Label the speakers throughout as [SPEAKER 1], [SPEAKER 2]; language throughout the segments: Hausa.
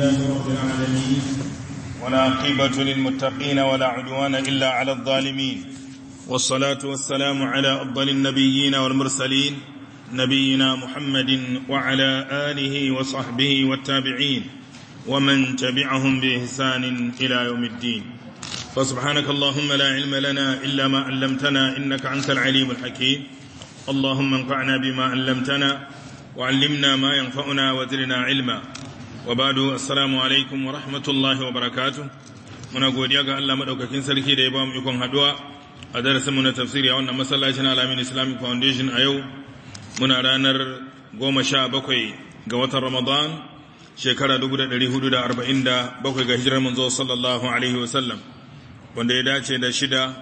[SPEAKER 1] لله رب العالمين ولا عقبة للمتقين ولا عدوان إلا على الظالمين والصلاة والسلام على أفضل النبيين والمرسلين نبينا محمد وعلى آله وصحبه والتابعين ومن تبعهم بإحسان إلى يوم الدين فسبحانك اللهم لا علم لنا إلا ما علمتنا إنك أنت العليم الحكيم اللهم انفعنا بما علمتنا وعلمنا ما ينفعنا وزرنا علما wa badu assalamu alaikum wa rahmatullahi wa barakatu muna godiya ga Allah madaukakin sarki da ya ba mu ikon haduwa a darasin mu na tafsiri a wannan masallacin Alamin Islamic Foundation a yau muna ranar 17 ga watan Ramadan shekara 1447 ga hijirar manzo sallallahu alaihi wa sallam wanda ya dace da shida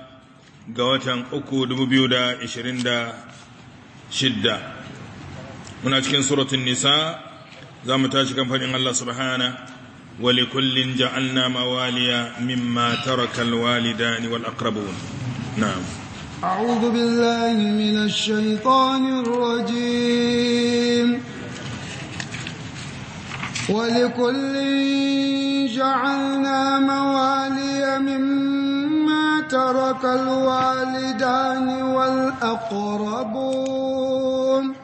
[SPEAKER 1] ga watan 3 2026 muna cikin suratul nisa za mu tashi kan faɗin Allah subhana wa likullin ja'alna mawaliya mimma taraka alwalidani wal aqrabun na'am
[SPEAKER 2] a'udhu billahi minash shaitanir rajim ولكل جعلنا موالي مما ترك الوالدان والأقربون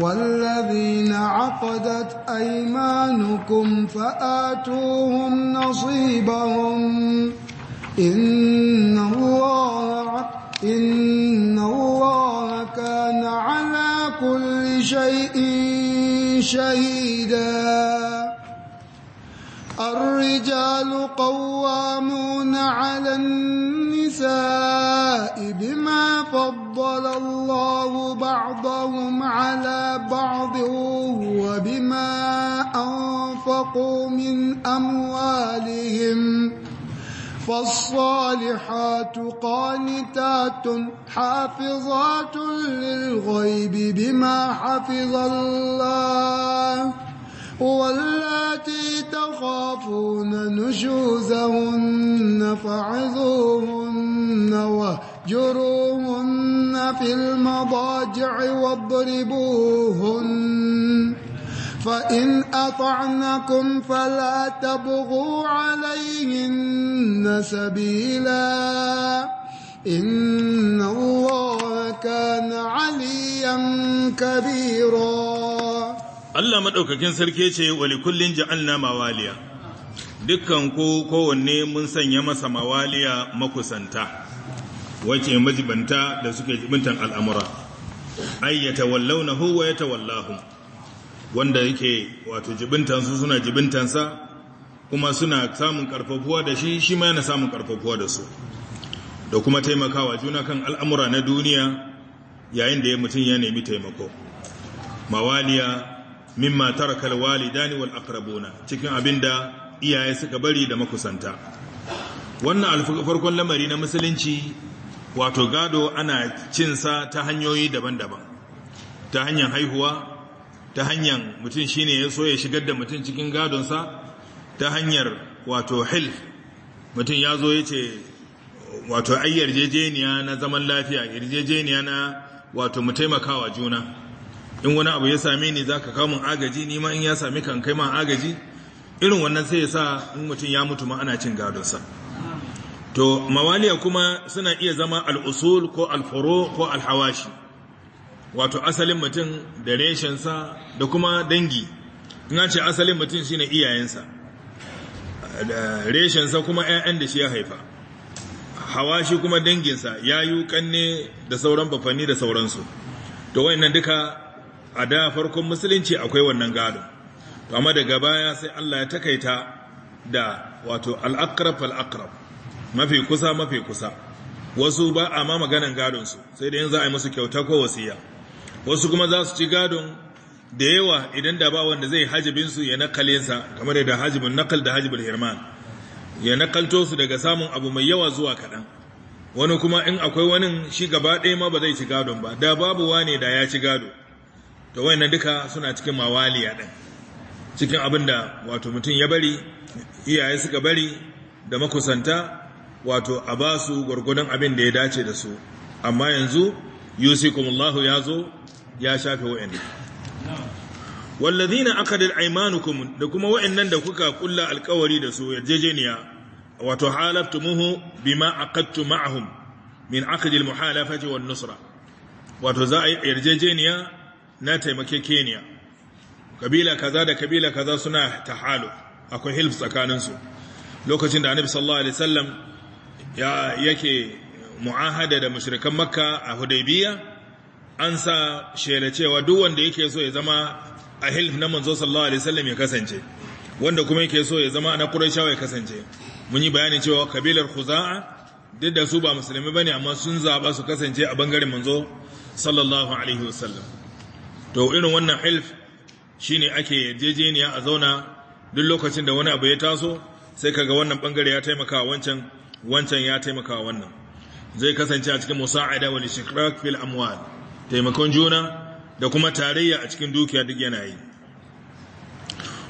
[SPEAKER 2] والذين عقدت أيمانكم فآتوهم نصيبهم إن الله إن الله كان على كل شيء شهيدا الرجال قوامون على النار النساء بما فضل الله بعضهم على بعض وبما أنفقوا من أموالهم فالصالحات قانتات حافظات للغيب بما حفظ الله واللاتي تخافون نشوزهن فعظوهن واهجروهن في المضاجع واضربوهن فإن أطعنكم فلا تبغوا عليهن سبيلا إن الله كان عليا كبيرا
[SPEAKER 1] Allah maɗaukakin sarki ce wali kullin ja'alna mawaliya dukkan ko kowanne mun sanya masa mawaliya makusanta wace majibanta da suke jibintan al'amura ai ya na huwa ya tawallahu, wanda yake wato jibintansu suna jibintansa kuma suna samun karfafuwa da shi shi ma yana samun karfafuwa da su da kuma taimakawa juna kan al'amura na duniya yayin da ya mutum ya nemi taimako mawaliya mimma taraka alwalidani wal aqrabuna cikin abinda iyaye suka bari da makusanta wannan alfarkon lamari na musulunci wato gado ana cin sa ta hanyoyi daban-daban ta hanyar haihuwa ta hanyar mutum shine ya so ya shigar da mutum cikin gadon sa ta hanyar wato hil mutum ya zo wato ayyar jejeniya na zaman lafiya yarjejeniya na wato mu taimakawa juna in wani abu ya same ni za ka kamun agaji ni ma in ya sami kan kai ma agaji irin wannan sai ya sa in mutum ya mutu ma ana cin gadonsa to mawaliya kuma suna iya zama al'usul ko alfuro ko alhawashi wato asalin mutum da reshensa da kuma dangi in ce asalin mutum shi ne iyayensa reshensa kuma ‘ya'yan da shi ya haifa hawashi kuma danginsa yayu kanne da sauran bafani da sauransu to wayannan duka a da farkon musulunci akwai wannan gado amma daga baya sai Allah ya takaita da wato al'akrab al'akrab mafi kusa mafi kusa wasu ba a ma maganan gadon su, sai da yin za a yi musu kyauta ko wasiya wasu kuma za su ci gadon da yawa idan da ba wanda zai su ya sa kamar da hajibin nakal da hajibul hirman ya nakalto su daga samun abu mai yawa zuwa kaɗan wani kuma in akwai wani shi gaba ɗaya ma ba zai ci gadon ba da babu wane da ya ci gado da wayannan duka suna cikin mawaliya din cikin abin da wato mutum ya bari iyaye suka bari da makusanta wato a ba su gwargwadon abin da ya dace da su amma yanzu yusikumullahu ya zo ya shafe wa'annan wallazina aqadul aymanukum da kuma wayannan da kuka kulla alkawari da su yarjejeniya wato halaftumuhu bima aqadtu ma'ahum min aqdil muhalafati wan nusra wato za a yarjejeniya na taimakekeniya kabila kaza da kabila kaza suna ta tahalu akwai hilf tsakaninsu lokacin da annabi sallallahu alaihi wasallam ya yake mu'ahada da mushrikan makka a hudaybiya an sa shela cewa duk wanda yake so ya zama a hilf na manzo sallallahu alaihi wasallam ya kasance wanda kuma yake so ya zama na quraishawa ya kasance mun yi bayani cewa kabilar khuza'a duk da su ba musulmi bane amma sun zaba su kasance a bangaren manzo sallallahu alaihi wasallam to irin wannan hilf ne ake yarjejeniya a zauna duk lokacin da wani abu ya taso sai kaga wannan bangare ya taimaka wancan wancan ya taimaka wannan zai kasance a cikin musa'ada wal ishraq fil amwal taimakon juna da kuma tarayya a cikin dukiya duk yana yi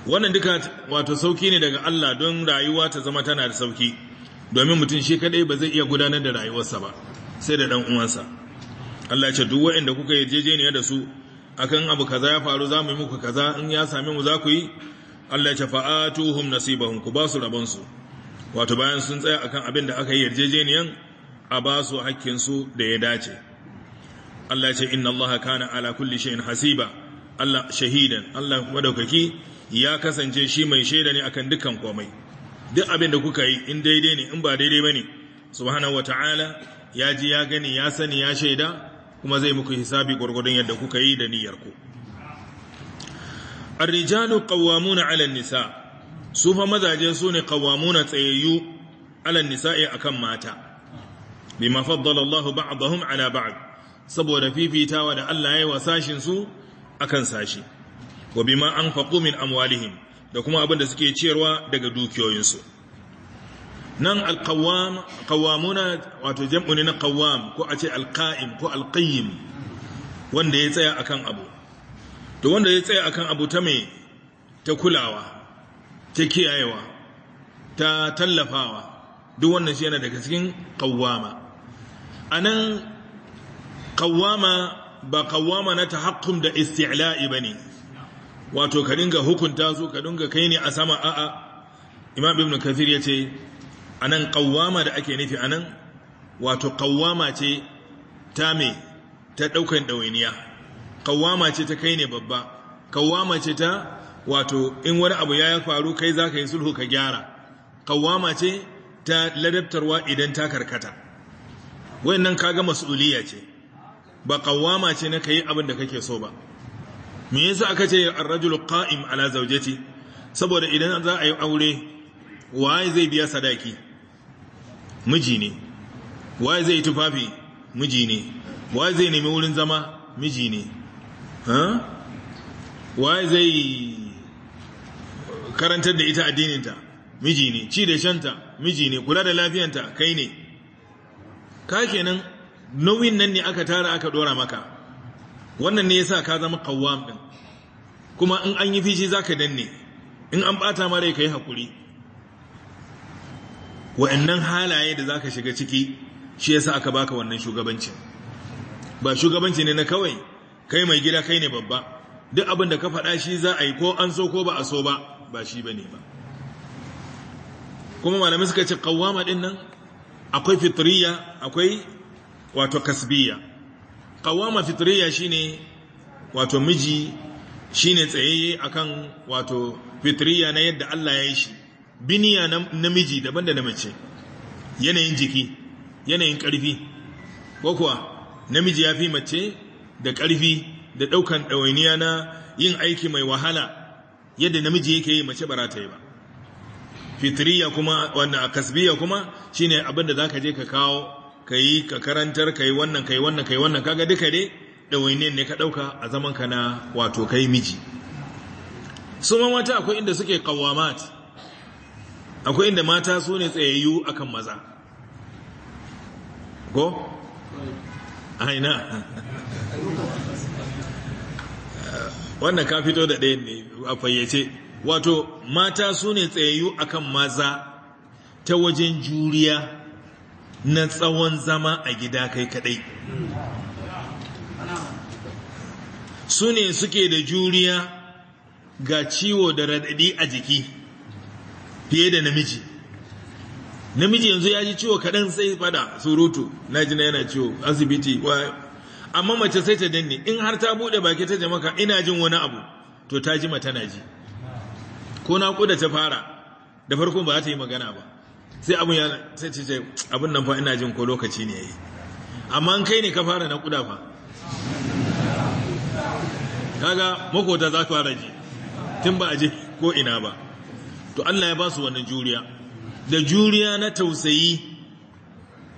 [SPEAKER 1] wannan duka wato sauki ne daga Allah don rayuwa ta zama tana da sauki domin mutum shi kadai ba zai iya gudanar da rayuwarsa ba sai da dan uwansa Allah ya ce duk waɗanda kuka yarjejeniya da su akan abu kaza ya faru za mu yi muku kaza in ya sami mu za ku yi Allah ya ce nasibahum ku ba su rabon su wato bayan sun tsaya akan abin da aka yi yarjejeniyan a ba hakkin su da ya dace Allah ya ce inna Allah kana ala kulli shay'in hasiba Allah shahidan Allah madaukaki ya kasance shi mai shaida ne akan dukkan komai duk abin da kuka yi in daidai ne in ba daidai bane subhanahu wataala ya ji ya gani ya sani ya shaida kuma zai muku hisabi gwargwadon yadda kuka yi da niyyarku qawwamuna 'ala an nisa su fa mazaje su ne kawamuna tsayayyu alan nisa'i akan mata bima faddala Allahu ba'dahum ala ba'd saboda fifitawa da Allah yayi wa sashin su akan sashi wa bima anfaqu min amwalihim da kuma abin da suke ciyarwa daga dukiyoyinsu nan alkawam kawamuna wato jam'u ne na kawam ko a ce alƙa'im ko alƙayyim wanda ya tsaya akan abu to wanda ya tsaya akan abu ta mai ta kulawa ta kiyayewa ta tallafawa duk wannan shi yana daga cikin kawama a nan kawama ba ƙawama na ta tahakkum da isti'la'i ba ne wato ka dinga hukunta su ka dinga kai ne a sama a'a imam ibn kathir ya ce anan qawwama da ake nufi anan wato qawwama ce ta me ta daukan dawainiya qawwama ce ta kai ne babba qawwama ce ta wato in wani abu ya faru kai za ka yi sulhu ka gyara qawwama ce ta ladabtarwa idan ta karkata wayannan kaga mas'uliyya ce ba qawwama ce na kai abin da kake so ba me yasa aka ce ar-rajulu qa'im ala zawjati saboda idan za a yi aure waye zai biya sadaki miji ne waye zai tufafi miji ne waye zai nemi wurin zama miji ne waye zai karantar da ita addininta miji ne ci da shanta miji ne kula da lafiyanta kai ne ka kenan nauyin nan ne aka tara aka dora maka wannan ne yasa ka zama kawwam din kuma in an yi fishi zaka danne in an bata mare kai hakuri wa'annan halaye da za ka shiga ciki shi yasa aka baka wannan shugabanci ba shugabanci ne na kawai kai mai gida kai ne babba duk abin da ka faɗa shi za a yi ko an so ko ba a so ba ba shi ba ne ba kuma malamai suka ce kawama din nan akwai fitriya akwai wato kasbiya kawama fitriya ne wato miji shi shine tsayayye akan wato fitriya na yadda Allah ya yi shi biniya namiji daban da na mace yanayin jiki yanayin ƙarfi ko kuwa namiji ya fi mace da ƙarfi da ɗaukan ɗawainiya na yin aiki mai wahala yadda namiji yake yi mace ba ta yi ba fitriya kuma wanda kasbiya kuma shine abin da za ka je ka kawo ka yi ka karantar ka yi wannan ka yi wannan ka yi wannan kaga duka dai ɗawainiya ne ka ɗauka a zaman ka na wato kai miji su ma mata akwai inda suke kawamata akwai inda mata su ne tsayayyu akan maza ko? aina wannan ka fito da ɗaya ne a fayyace wato mata su ne tsayayyu akan maza ta wajen juriya na tsawon zama a gida kai kadai su ne suke da juriya ga ciwo da raɗaɗi a jiki fiye da namiji namiji yanzu ya ji ciwo kaɗan sai fada surutu na ji yana ciwo asibiti amma mace sai ta danne in har ta buɗe baki ta jamaka ina jin wani abu to ta ji mata na ji ko na kuda ta fara da farko ba ta yi magana ba sai abun ya sai ce ce abun nan fa ina jin ko lokaci ne yayi amma in kai ne ka fara na kuda fa kaga makota za ta fara ji tun ba a je ko ina ba to Allah ya ba su wannan juriya da juriya na tausayi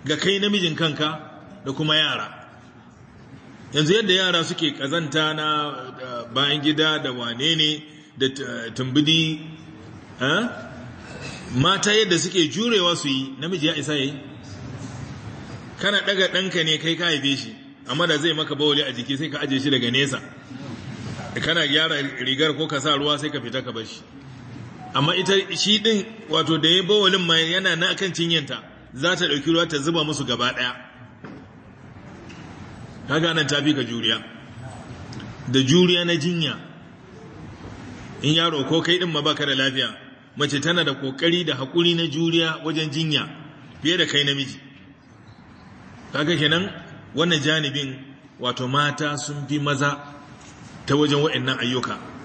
[SPEAKER 1] ga kai namijin kanka da kuma yara yanzu yadda yara suke kazanta na bayan gida da wane ne da tumbidi mata yadda suke jurewa su yi namiji ya isa yi kana daga ɗanka ne kai ka haife shi amma da zai maka bawali a jiki sai ka aje shi daga nesa kana gyara rigar ko ka sa ruwa sai ka fita ka bashi. shi amma ita shi din wato da ya bawalin ma yana na akan cinyanta za ta ɗauki ruwa ta zuba musu gaba ɗaya kaga nan ta fi ka juriya da juriya na jinya in yaro ko kai ɗin ma baka da lafiya mace tana da kokari da hakuri na juriya wajen jinya fiye da kai namiji kaga kenan wannan janibin wato mata sun fi maza ta wajen waɗannan ayyuka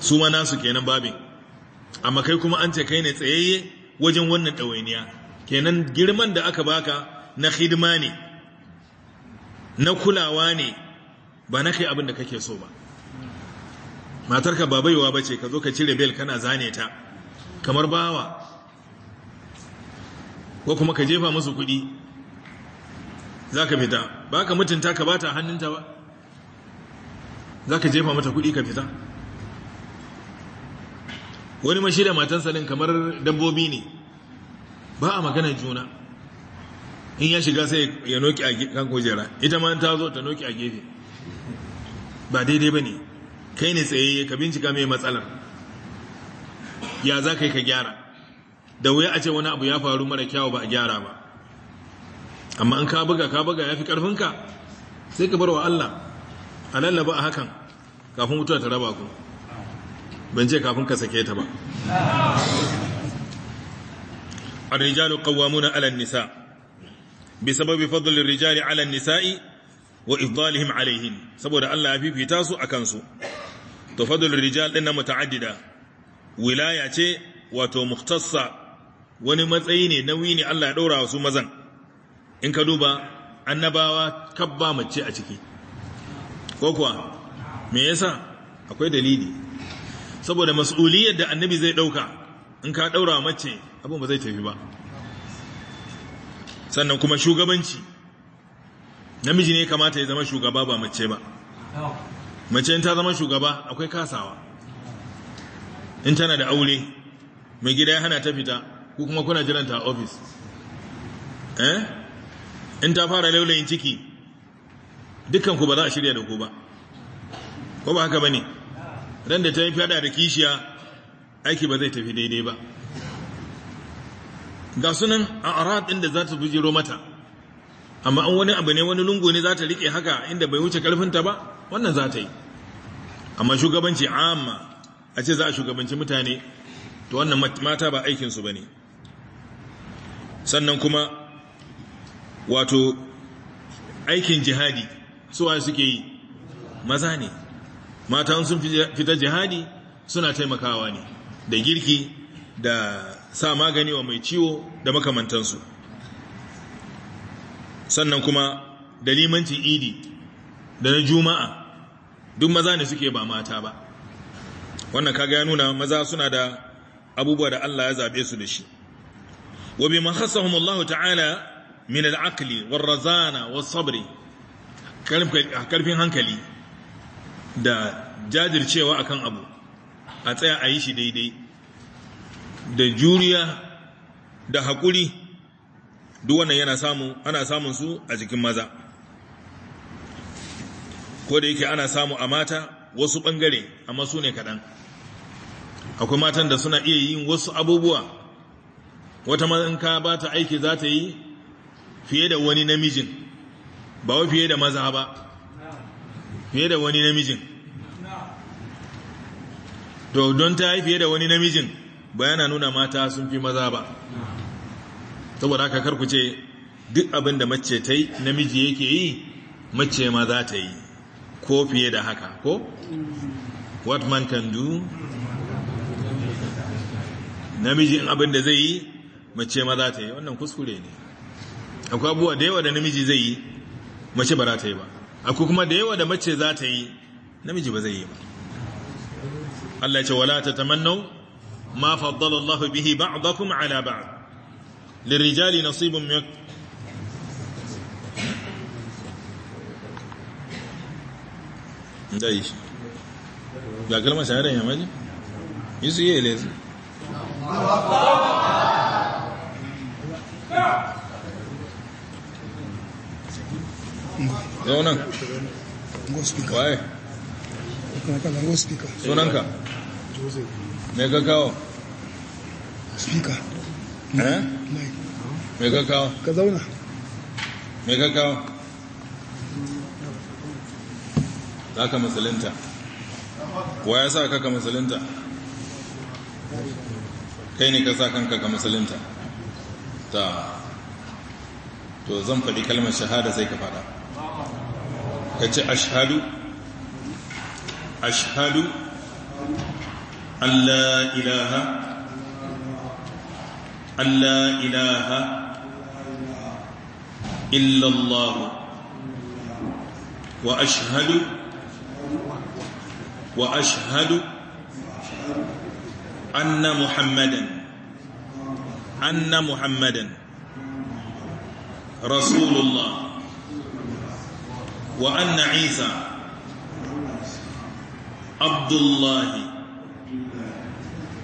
[SPEAKER 1] su ma nasu kenan babin amma kai kuma an ce kai ne tsayayye wajen wannan ɗawainiya kenan girman da aka baka na hidima ne na kulawa ne ba na kai abin da kake so ba matarka ba baiwa ba ce ka zo ka cire bel kana zane ta kamar bawa ko kuma ka jefa musu kuɗi za ka fita ba ka mutunta ka ba ta hannunta ba za ka jefa mata kuɗi ka fita wani mashi da matansa din kamar dabbobi ne ba a magana juna in ya shiga sai ya noki a kan kujera ita ma ta zo ta noki a gefe ba daidai ba ne kai ne tsaye ka bincika mai matsalar ya za ka yi ka gyara da wuya a ce wani abu ya faru mara kyawu ba a gyara ba amma an ka buga ka buga ya fi ƙarfinka sai ka bar wa Allah a lallaba a hakan kafin mutuwa ta raba ku ban ce kafin ka sake ta ba الرجال قوامون على النساء بسبب فضل الرجال على النساء وإفضالهم عليهم سبب الله في بيتاسو أكنسو تفضل الرجال إن متعددة ولاية واتو مختصة ونمتعيني نويني الله دورا وسو مزن إن كدوبا annabawa kabba mace a ciki ko kuwa me yasa akwai dalili saboda mas'uliyar da annabi zai ɗauka in ka ɗaurawa mace abin ba zai tafi ba sannan kuma shugabanci namiji ne kamata ya zama shugaba ba mace ba mace in ta zama shugaba akwai kasawa in tana da aure mai gida ya hana ta fita ko kuma kuna jiranta a ofis eh? in ta fara laulayin ciki dukanku ba za a shirya da ku ba ko ba haka ba ne ran da ta yi fada da kishiya aiki ba zai tafi daidai ba ga sunan a arad inda za ta bujiro mata amma an wani abu ne wani lungu ne za ta riƙe haka inda bai wuce ƙarfinta ba wannan za ta yi amma shugabanci amma a ce za a shugabanci mutane to wannan mata ba aikinsu ba ne sannan kuma wato aikin jihadi suwa suke yi maza ne mata sun fita jihadi suna taimakawa ne da girki da sa magani wa mai ciwo da makamantansu sannan kuma da limancin idi da na juma'a duk maza ne suke ba mata ba wannan kaga ya nuna maza suna da abubuwa da Allah ya zaɓe su da shi wa bi Allah ta'ala min al-aqli war razana was sabri karfin hankali da jajircewa akan abu a tsaya a yi shi daidai da juriya da haƙuri duk wannan yana samu ana samun su a jikin maza ko da yake ana samu a mata wasu ɓangare amma su ne kaɗan akwai matan da suna iya yin wasu abubuwa wata ka ba ta aiki za ta yi fiye da wani namijin ba wa fiye da maza ba fiye da wani namijin to don ta yi fiye da wani namijin bayana nuna mata sun fi maza ba saboda haka karku ce duk abin da mace ta yi namiji yake yi mace ma za ta yi ko fiye da haka ko what man can do namiji abin da zai yi mace ma za ta yi wannan kuskure ne akwai abubuwa da yawa da namiji zai yi mace ba za ta yi ba akwai kuma da yawa da mace za ta yi namiji ba zai yi ba Allah ce wala tatamannau ma faddala Allah bihi ba'dakum ala ba'd lirijali nasibun min dai la kalma shahara ya maji yisu yi ile su yau nan waye
[SPEAKER 2] kana no speaker sunanka jose
[SPEAKER 1] me ka kawo speaker eh? me ka kawo ka zauna me ka kawo za ka musulunta wa ya sa ka ka musulunta kai ne ka sa kanka ka musulunta ta to zan faɗi kalmar shahada sai ka faɗa ka ce ashadu أشهد أن لا إله أن لا إله إلا الله وأشهد وأشهد أن محمدا أن محمدا رسول الله وأن عيسى عبد الله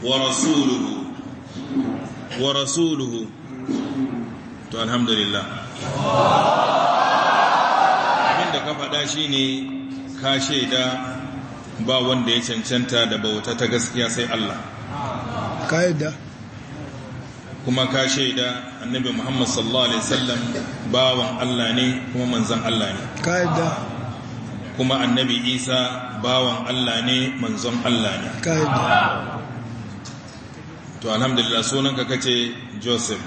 [SPEAKER 1] ورسوله ورسوله to alhamdulillah abinda ka faɗa shine ka shaida ba wanda ya cancanta da bauta ta gaskiya sai Allah ka yadda kuma ka shaida annabi Muhammad sallallahu alaihi wasallam bawan Allah ne kuma manzon Allah ne
[SPEAKER 2] ka yadda
[SPEAKER 1] kuma annabi isa bawan Allah ne manzon Allah ne to alhamdulillah sunanka kace joseph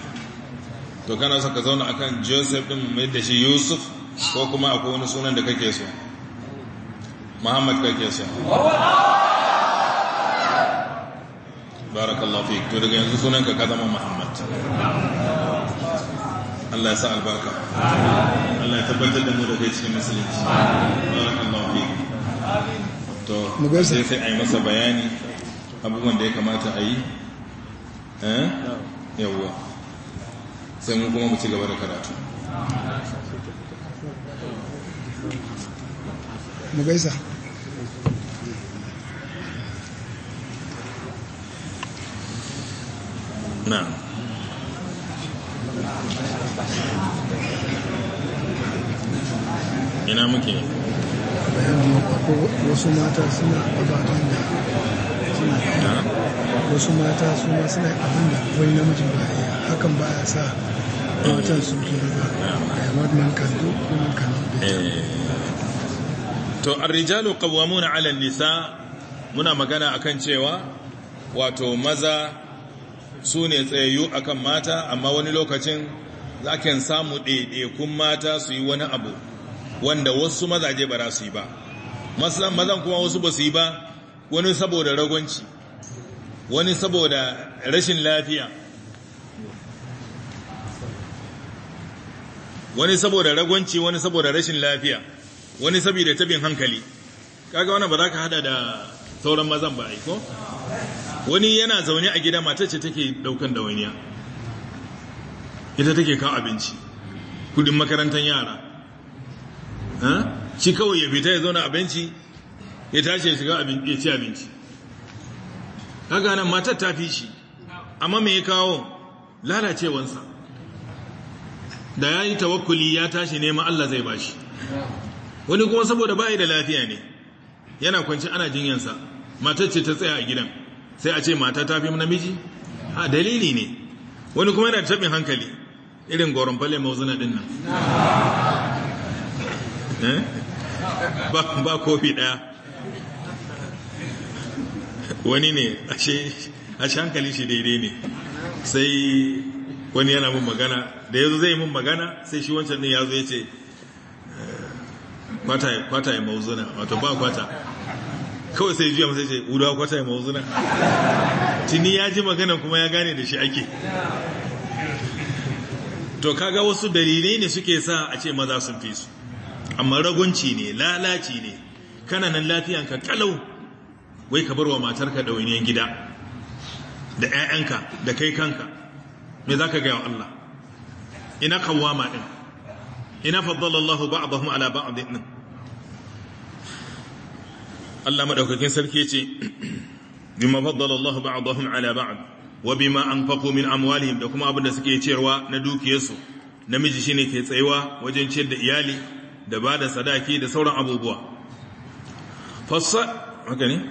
[SPEAKER 1] to kana so ka zauna akan joseph din mai da shi yusuf ko kuma akwai wani sunan da kake so muhammad kake so barakallahu fik to daga yanzu sunanka ka zama muhammad Allah ya sa albarka Allah ya tabbatar da mu da dai cikin musulunci barakallahu fi to sai sai a yi masa bayani abubuwan da ya kamata a yi eh yawwa sai mu kuma mu ci gaba da karatu mu gaisa na'am ina muke
[SPEAKER 2] wasu mata suna abatan da
[SPEAKER 1] suna
[SPEAKER 2] wasu mata suna suna abin da wani namijin ba ya hakan ba ya sa matan su ke ba a yamar man kan do man kan
[SPEAKER 1] eh. to arrijalu qawwamuna ala nisa muna magana akan cewa wato maza su ne tsayayyu akan mata amma wani lokacin za kan samu ɗaiɗaikun mata su yi wani abu wanda wasu mazaje ba su yi ba mazan kuma wasu ba su yi ba wani saboda ragonci wani saboda rashin lafiya wani saboda ragonci wani saboda rashin lafiya wani saboda tabin hankali kaga wannan ba za ka hada da sauran mazan ba aiko wani yana zaune a gida matar ce take daukan dawainiya ita take kawo abinci kudin makarantar yara shi kawai ya fita ya zauna abinci ya tashi ya ci abinci kaga nan matar ta fi shi amma mai kawo lalacewansa da ya yi tawakkuli ya tashi nema Allah zai bashi wani kuma saboda bayi da lafiya ne yana kwanci ana jinyansa matar ce ta tsaya a gidan sai a ce mata ta fi namiji a dalili ne wani kuma yana taɓin hankali irin goron fale mauzuna ɗin nan eh? ba kofi ɗaya wani ne a shi hankali shi daidai ne sai wani yana mun magana da ya zo zai mun magana sai shi wancan ne ya zo ya ce eh, kwata ya mauzuna wato ba kwata kawai sai juya masa ce wuda kwata ya mawuzuna tuni ya ji magana kuma ya gane da shi ake to kaga wasu dalilai ne suke sa a ce maza sun fi su amma ragunci ne lalaci ne kana nan lafiyanka kalau wai ka bar wa matarka ɗawainiyar gida da 'ya'yanka da kai kanka me za ka gaya wa Allah ina kawwama ɗin ina faddalallahu ba'adahum ala ba'adin Allah madaukakin sarki ce bima faddala Allah ba'dahum ala ba'd wa bima anfaqu min amwalihim da kuma abin da suke ciyarwa na dukiyarsu namiji shine ke tsayuwa wajen ciyar da iyali da ba sadaki da sauran abubuwa fasa haka ne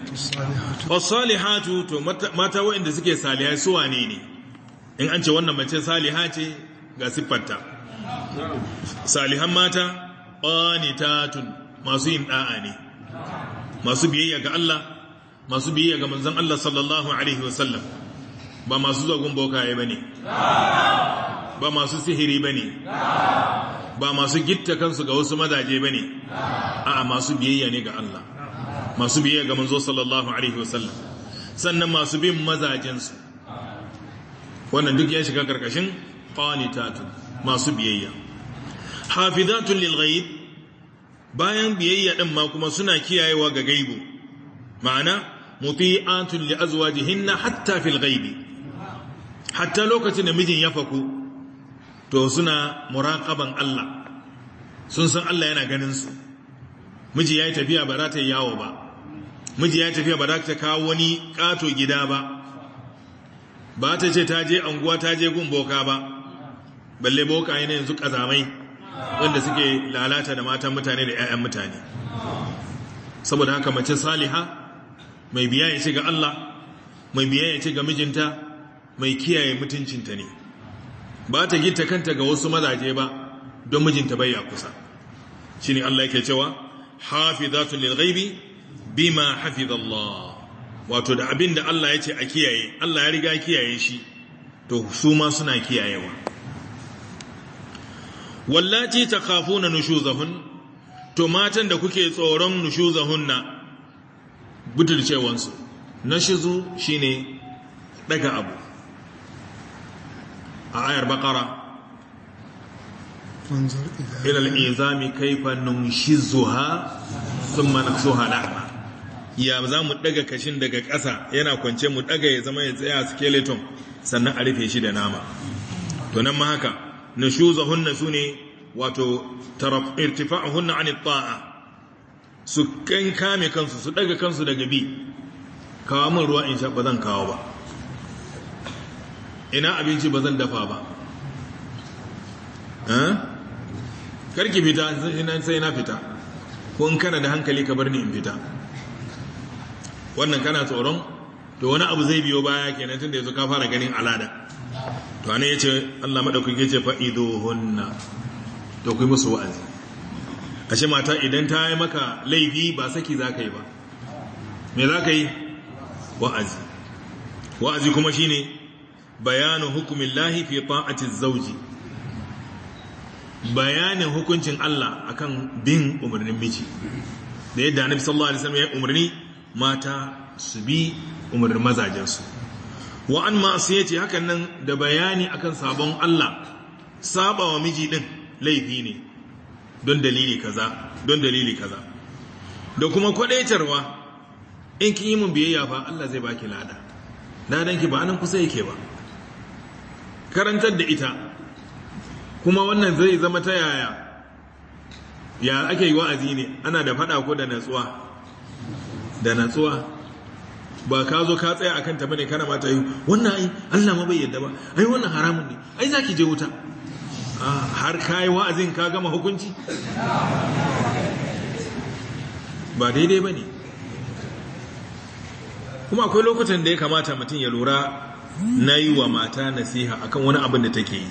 [SPEAKER 1] fasalihatu to mata waɗanda suke salihai su wane ne in an ce wannan mace saliha ce ga siffarta salihan mata qanitatun masu yin da'a ne masu biyayya ga Allah masu biyayya ga manzon Allah sallallahu alaihi wasallam ba masu zagon bokaye bane ba masu sihiri bane ba masu gitta kansu ga wasu mazaje bane a'a masu biyayya ne ga Allah masu biyayya ga manzo sallallahu alaihi wasallam sannan masu bin mazajensu wannan duk ya shiga karkashin qanitatun masu biyayya hafizatun lil ghaib bayan biyayya ɗin ma kuma suna kiyayewa ga gaibu ma'ana muti'atun li azwajihinna hatta fil ghaibi hatta lokacin da mijin ya faku to suna muraqaban Allah sun san Allah yana ganin su miji yayi tafiya ba za ta yawo ba miji yayi tafiya ba za ta kawo wani kato gida ba ba ta ce ta je anguwa ta je gun boka ba balle boka yana yanzu kazamai wanda suke lalata da matan mutane da 'ya'yan mutane saboda haka mace saliha mai biya ya ce ga Allah mai biya ya ce ga mijinta mai kiyaye mutuncinta ne ba ta gita kanta ga wasu mazaje ba don mijinta bai ya kusa shi ne Allah yake cewa hafi za lil ghaibi bima Allah. wato da abin da Allah ya ce a kiyaye Allah ya riga kiyaye shi to su ma suna kiyayewa Wallaci ta wallati na nushuzahun to matan da kuke tsoron na shizu shi ne daga abu a ayar baqara ila al-izami kayfa sun mana naksuha lahma ya za mu daga kashin daga ƙasa yana kwance mu daga ya zama ya tsaya skeleton sannan a rufe shi da nama to nan haka nushuzahunna sune wato taraf irtifa'uhunna an ta'a su kan kame kansu su daga kansu daga bi kawo min ruwa in sha ba zan kawo ba ina abinci ba zan dafa ba karki fita sai na fita ko in kana da hankali ka bar ni in fita wannan kana tsoron to wani abu zai biyo baya kenan tunda yanzu ka fara ganin alada to ana ce, Allah madaukaki ce fa hunna to kai musu wa'azi ashe mata idan ta yi maka laifi ba saki za ka yi ba me ka yi wa'azi wa'azi kuma shi ne shine bayanu hukumillahi fi ta'ati zauji. bayanin hukuncin Allah akan bin umarnin miji da yadda na fi sallallahu alaihi wasallam ya umarni mata su bi umarnin mazajensu wa an yace hakan nan da bayani akan sabon Allah saba wa miji din laifi ne don dalili kaza don dalili kaza da kuma kwadaitarwa in kin yi mun biyayya fa Allah zai baki lada ladan ki ba nan kusa yake ba karantar da ita kuma wannan zai zama ta yaya ya ake yi wa'azi ne ana da fada ko da natsuwa da natsuwa ba ka zo ka tsaya akan ta bane kana ma ta yi wannan ai Allah ma bai yadda ba ai wannan haramun ne ai zaki je wuta ah, har kai wa'azin ka gama hukunci ba daidai bane kuma akwai lokutan da ya kamata mutum ya lura na yi wa mata nasiha akan wani abin da take yi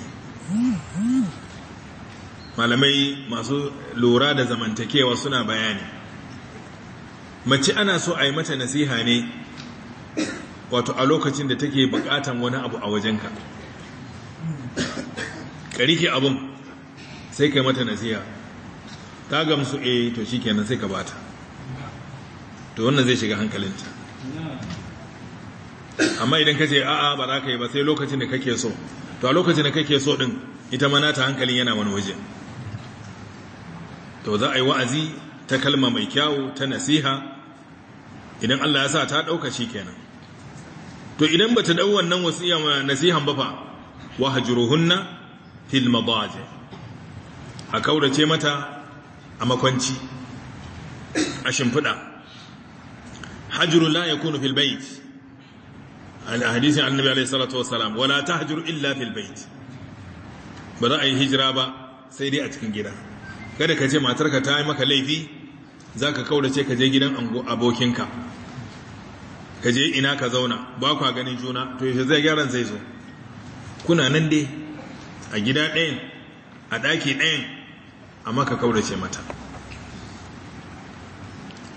[SPEAKER 1] malamai masu lura da zamantakewa suna bayani mace ana so a yi mata nasiha ne wato a lokacin da take bukatan wani abu a wajenka ka abin sai kai mata nasiha ta gamsu eh to shikenan sai ka bata to wannan zai shiga hankalinta amma idan ka ce a'a ba za ka yi ba sai lokacin da kake so to a lokacin da kake so din ita mana ta hankalin yana wani waje to za a yi wa'azi ta kalma mai kyawu ta nasiha idan Allah ya sa ta dauka shikenan to idan bata dau wannan wasiya ma nasihan ba fa wa hajruhunna fil madaje a kaurace mata a makwanci a shimfida hajru la yakunu fil bait al-hadisi nabi alayhi salatu wassalam wala tahjur illa fil bait ba za a yi hijira ba sai dai a cikin gida kada ka ce matarka ta yi maka laifi za ka kaurace ka je gidan abokinka ka je ina ka zauna ba kwa ganin juna to yaushe zai gyaran zai zo kuna nan dai a gida ɗayan a ɗaki ɗayan a ka kaurace mata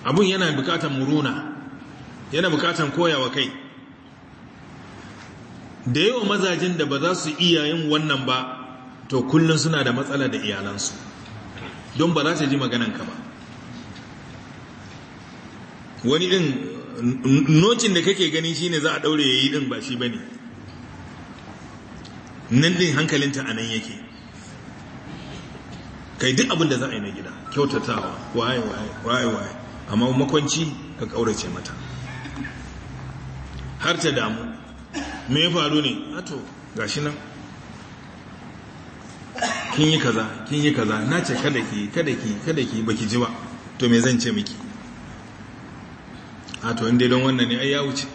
[SPEAKER 1] abun yana bukatan muruna yana bukatan koyawa kai da yawa mazajen da ba za su iya yin wannan ba to kullum suna da matsala da iyalansu don ba za su ji maganan ka ba wani ɗin nocin da kake gani shine za a daure yayi din ba shi bane nan din hankalinta anan yake kai duk abin da za a yi na gida kyautatawa waye waye waye waye amma makwanci ka kaurace mata har ta damu me ya faru ne ato gashi nan kin yi kaza kin yi kaza na ce kada ki kada ki kada ki baki ji ba to me zan ce miki a to inda don wannan ne ai ya wuce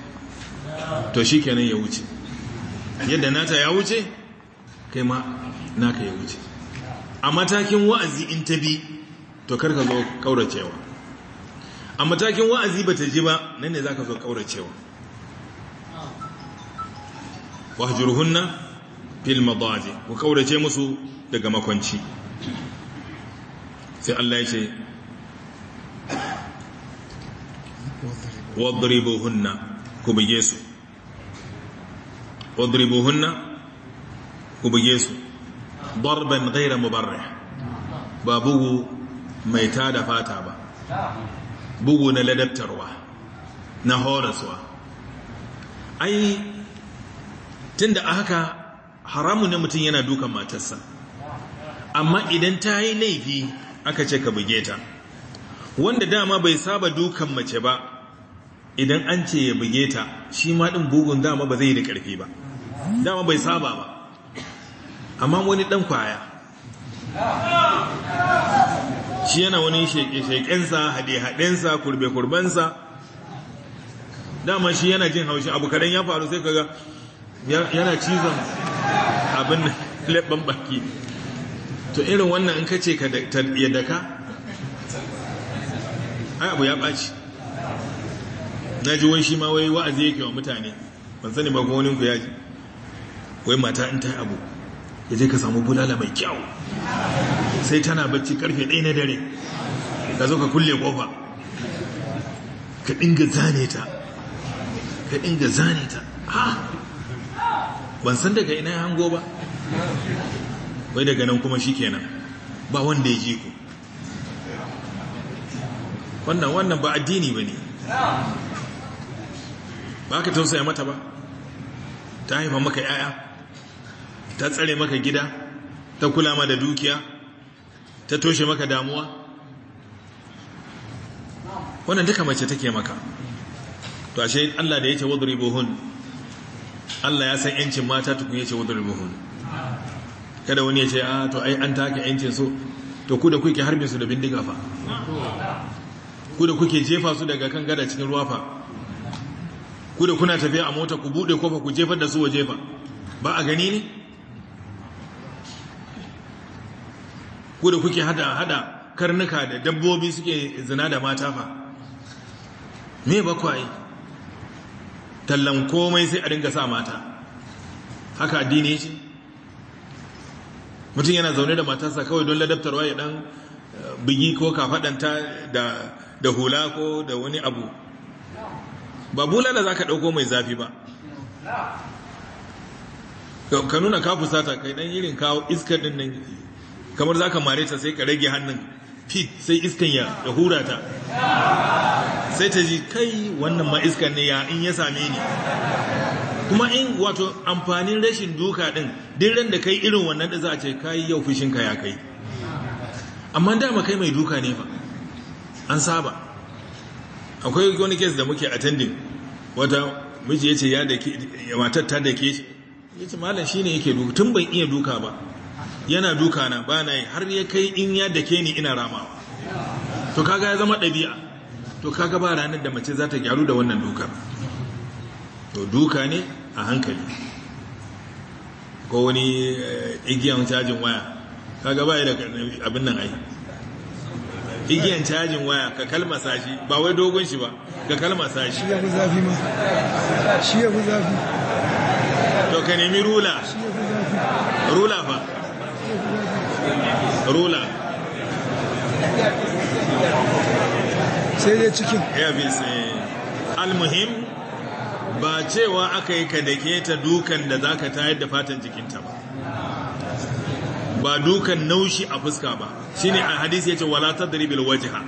[SPEAKER 1] to shi kenan ya wuce yadda nata ya wuce kai ma naka ya wuce a matakin wa'azi in ta bi to karka zo kauracewa a matakin wa'azi ba ta ji ba nan ne za ka zo kauracewa wahjurhunna fil madaji ku kaurace musu daga makwanci sai Allah ya ce wadribuhunna ku buge su wadribuhunna ku buge su ba bugu mai tada fata ba bugu na ladabtarwa na horaswa ai tunda a haka haramu ne mutum yana dukan matarsa amma idan ta yi laifi aka ce ka buge ta wanda dama bai saba dukan mace ba idan an ce ya buge ta shi ma ɗin bugun dama ba zai yi da ƙarfi ba dama bai saba ba amma wani ɗan kwaya shi yana wani sheƙensa haɗe-haɗensa kurbe-kurbensa dama shi yana jin haushi abu kaɗan ya faru sai kaga yana cizon abin leɓɓen baki to irin wannan in ka ce ya ai abu ya ɓaci na ji wai shi ma wai wa'azi yake wa mutane ban sani ba ko wani ku ya ji wai mata in ta yi abu ya je ka samu bulala mai kyau sai tana bacci karfe ɗaya na dare ka zo ka kulle kofa ka dinga zane ta ka dinga zane ta ha ban san daga ina hango ba wai daga nan kuma shi kenan ba wanda ya ji ku wannan wannan ba addini ba ne ba ka tausaya mata ba ta haifa maka yaya ta tsare maka gida ta kula ma da dukiya ta toshe maka damuwa wannan duka mace take maka to ashe Allah da yake wadribuhun Allah ya san yancin mata tukun yake wadribuhun kada wani ya ce a to ai an take yancin su to ku da kuke harbin su da bindiga fa ku da kuke jefa su daga kan gada cikin ruwa fa ku da kuna tafiya a mota ku bude kofa ku jefar da su waje ba ba a gani ne ku da kuke hada hada karnuka da dabbobi suke zina da mata fa me ba ai tallan komai sai a dinga sa mata haka addini ya ce mutum yana zaune da matarsa kawai don ladabtarwa ya dan eh, bigi ko kafaɗanta da hula ko da wani abu ba bulala za ka ɗauko mai zafi ba ka nuna ka fusata kai ɗan irin kawo iskar ɗin nan kamar za ka mare ta sai ka rage hannun fit sai iskan ya hura ta sai ta ji kai wannan ma iskan ne ya in ya same ni kuma in wato amfanin rashin duka ɗin ɗin da kai irin wannan da za a ce kayi yau fushinka ya kai amma dama kai mai duka ne ba an saba akwai wani kes da muke attending wata miji ya ce ya da ke matar ta da ke ya ce malam shi ne yake duka tun ban iya duka ba yana duka na ba na yi har ya kai in ya da ke ni ina ramawa to kaga ya zama ɗabi'a to kaga ba ranar da mace za ta gyaru da wannan duka to duka ne a hankali ko wani eh, igiyan cajin waya kaga ba ya da abin nan ai igiyan cajin waya ka kalmasa shi ba wai dogon shi ba ka kalmasa shi shi ya fi zafi ma shi ya fi zafi to ka nemi rula rula fa rula sai dai cikin ya fi sai almuhim ba cewa aka yi ka dake ta dukan da za ka tayar da fatan jikinta ba ba dukan naushi a fuska ba ne a hadisi ce wala tadribil wajha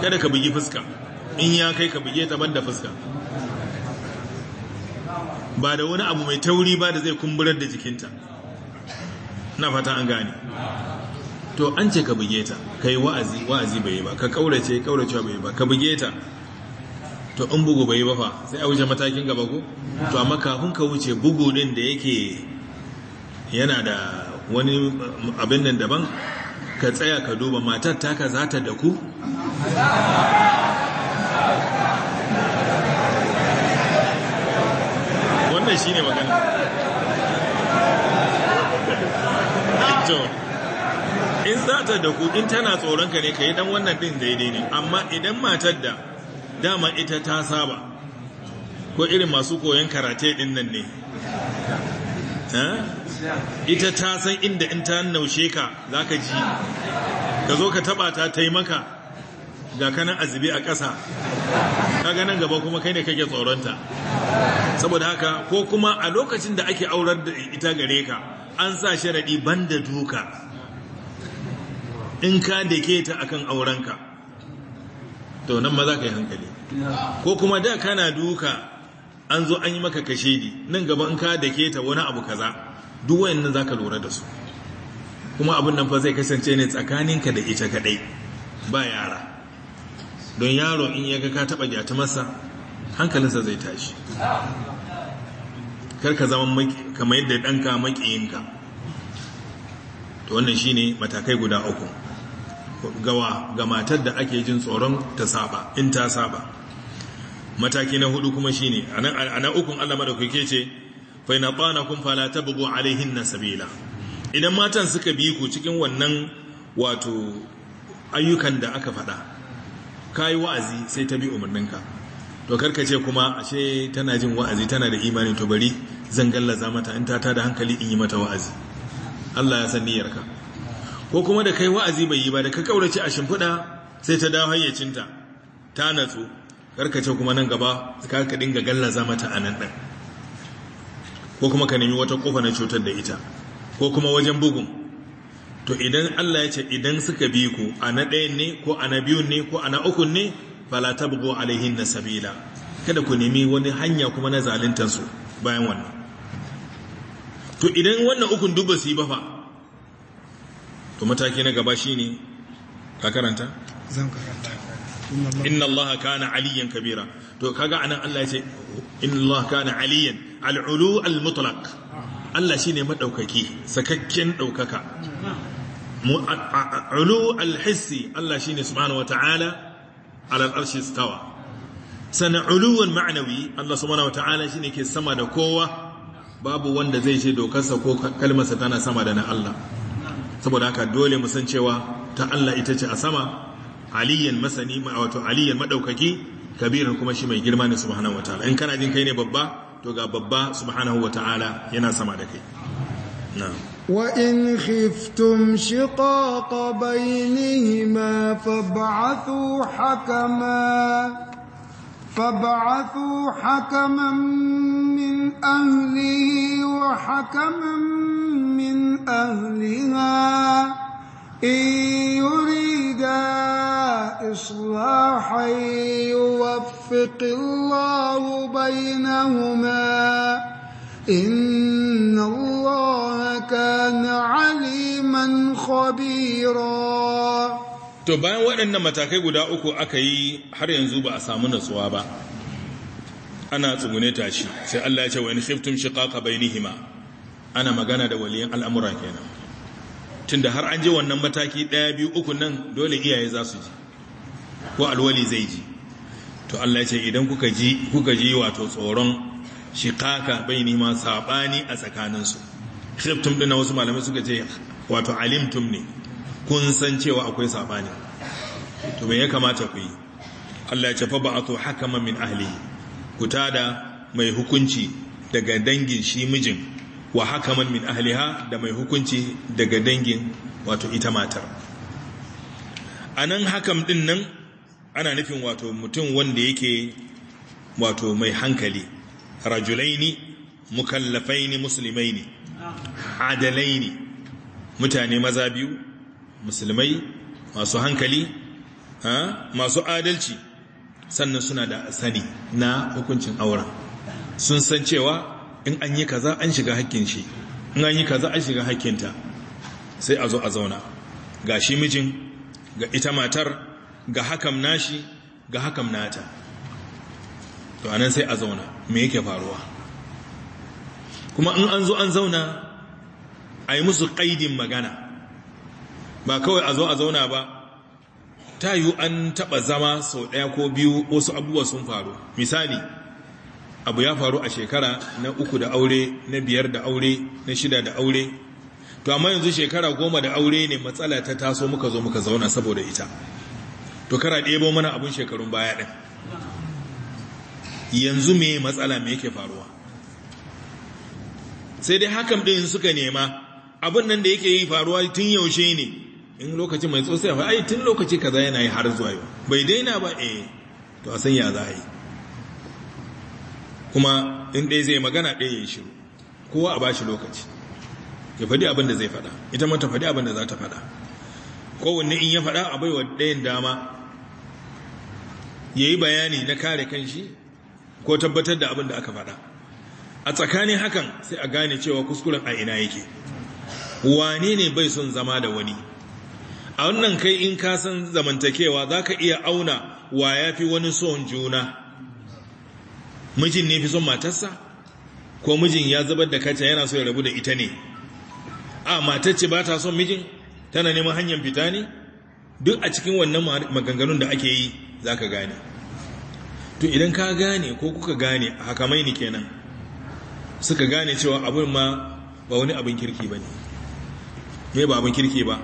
[SPEAKER 1] kada ka bugi fuska in ya kai ka bugi ta banda fuska ba da wani abu mai tauri ba da zai kumburar da jikinta na fata an gane to an ce ka bugi ta kai wa'azi wa'azi bai ba ka kaurace kaurace bai ba ka bugi ta to in bugu bai ba fa sai a wuce matakin gaba ko to amma kafin ka wuce bugu din da yake yana da wani abin nan daban ka tsaya ka duba matar taka za ta da wannan shi ne magana in za ta da in tana tsoronka ne ka yi dan wannan din daidai ne amma idan matar da dama ita ta saba ko irin masu koyon karate din nan ne ita ta san inda in ta naushe ka za ka ji ka zo ka taba ta taimaka ga kanan azubi a ƙasa ka ganin gaba kuma kai ne kake tsoronta saboda haka ko kuma a lokacin da ake aurar da ita gare ka an sa sharaɗi banda duka in ka dake ta akan auranka to nan ma za ka yi hankali ko kuma da kana duka an zo an yi maka di nan gaba in ka da ke ta wani abu kaza duk wayannan zaka lura da su kuma abin nan fa zai kasance ne tsakanin ka da ita kadai ba yara don yaro in ya ga ka taba gyata masa hankalinsa zai tashi kar ka zama kamar yadda danka makiyinka to wannan shine matakai guda uku gawa ga matar da ake jin tsoron ta saba in ta saba mataki na hudu kuma shine anan ana ukun Allah madaukake ce fa ina qanakum fala tabghu alaihin sabila idan matan suka bi ku cikin wannan wato ayyukan da aka faɗa kai wa'azi sai ta bi umarninka to karkace kuma ashe tana jin wa'azi tana da imani to bari zan gallaza mata in ta tada hankali in yi mata wa'azi Allah ya san niyyarka ko kuma da kai wa'azi bai yi ba da ka kaurace a shimfiɗa sai ta dawo hayyacinta ta natsu karkace kuma nan gaba ka ka dinga gallaza mata a nan ɗan, ko kuma ka nemi wata kofa na cutar da ita ko kuma wajen bugun to idan Allah ya ce idan suka bi ku a na ɗayan ne ko a na biyun ne ko a na ukun ne fala bugu alaihin na sabila kada ku nemi wani hanya kuma na zaluntansu bayan wannan to idan wannan ukun dubba su yi ba to mataki na gaba shine ka karanta zan karanta inna Allah kana aliyan kabira to kaga anan Allah ya ce inna Allah kana aliyan al'ulu al-mutlaq Allah shine madaukaki sakakken daukaka ulu al-hissi Allah shine subhanahu ta'ala ala al-arshi istawa sana uluwan ma'nawi Allah subhanahu ta'ala shine ke sama da kowa babu wanda zai ce dokarsa ko kalmarsa tana sama da na Allah saboda haka dole mu san cewa ta Allah ita ce a sama aliyan masani wato aliyan madaukaki kabirin kuma shi mai girma ne subhanahu wataala in kana jin kai ne babba to ga babba subhanahu wataala yana sama da kai na'am
[SPEAKER 2] وإن خفتم شقاق بينهما فابعثوا حكما فابعثوا حكما من أهله وحكما من أهلها يريد إصلاحا يوفق الله بينهما إن الله كان عليما خبيرا
[SPEAKER 1] to bayan waɗannan matakai guda uku aka yi har yanzu ba a samu natsuwa ba ana tsugune tashi sai Allah ya ce wa in khiftum shiqaqa bainihima ana magana da waliyin al'amuran kenan tunda har an je wannan mataki ɗaya biyu uku nan dole iyaye za su ji ko alwali zai ji to Allah ce idan kuka ji kuka wato tsoron shikaka bai nima saɓani a tsakaninsu khiftum ɗina wasu malamai suka ce wato alim tun ne kun san cewa akwai saɓani. to me ya kamata ku yi Allah ya ce fa to hakaman min ahli ku tada mai hukunci daga dangin shi mijin wa hakaman min ahliha da mai hukunci daga dangin wato ita matar a nan hakam din nan ana nufin wato mutum wanda yake wato mai hankali rajulaini mukallafaini musulmaini adalaini mutane maza biyu musulmai masu hankali masu adalci sannan suna da sani na hukuncin auren sun san cewa in an yi kaza an shiga hakkin shi in an yi kaza an shiga hakkinta sai a zo a zauna ga shi mijin ga ita matar ga hakam nashi ga hakam nata to anan sai a zauna me yake faruwa kuma in an zo an zauna a yi musu ƙaidin magana ba kawai a zo a zauna ba ta yi an taɓa zama sau ɗaya ko biyu wasu abubuwa sun faru misali abu ya faru a shekara na uku da aure na biyar da aure na shida da aure to amma yanzu shekara goma da aure ne matsala ta taso muka zo muka zauna saboda ita to kara ɗebo mana abun shekarun baya ɗin yanzu me matsala me yake faruwa sai dai hakan ɗin suka nema abin nan da yake yi faruwa tun yaushe ne in lokaci mai tsosai ai tun lokaci kaza yana yi har zuwa yau bai daina ba eh to a san ya za a yi kuma in ɗaya zai magana ɗaya ya shiru kowa a bashi lokaci ya faɗi abin da zai faɗa ita mata faɗi abin da za ta faɗa kowanne in ya faɗa a baiwa ɗayan dama ya yi bayani na kare kan shi, ko tabbatar da abin da aka faɗa a tsakanin hakan sai a gane cewa kuskuren a ina yake wane ne bai son zama da wani a wannan kai in ka san zamantakewa za ka iya auna wa ya fi wani son juna mijin ne fi son matarsa ko mijin ya zubar da kaca yana so ya rabu da ita ne a matacce ba ta son mijin tana neman hanyar fita ne duk a cikin wannan maganganun da ake yi za ka gane to idan ka gane ko kuka gane a hakamai ne kenan suka gane cewa abin ma ba wani abin kirki ba ne mai ba abin kirki ba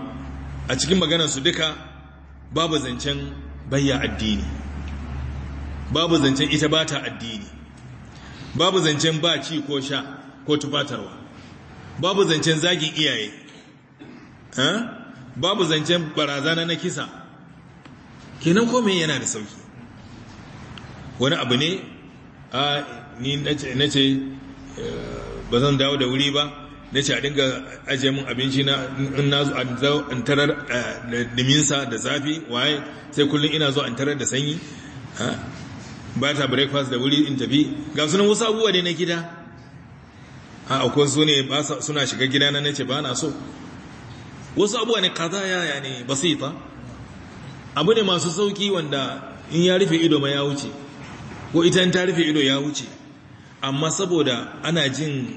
[SPEAKER 1] a cikin maganarsu duka babu zancen bayya addini babu zancen ita ba ta addini babu zancen ba ci ko sha ko tufatarwa babu zancen zagin iyaye eh? babu zancen barazana na kisa kenan komai yana da sauki wani abu ne a ni na ce eh, ba zan dawo da wuri ba na ce a dinga ajiye min abinci na in tarar eh, da diminsa da zafi waye sai kullum ina zo an tarar da sanyi ba ta breakfast da wuri in tafi ga sunan wasu abubuwa ne na gida a akwai su ne suna shiga gida na nace ba na so wasu abubuwa ne kaza ya ne basita abu ne masu sauki wanda in ya rufe ido ma ya wuce ko ita in ta rufe ido ya wuce amma saboda ana jin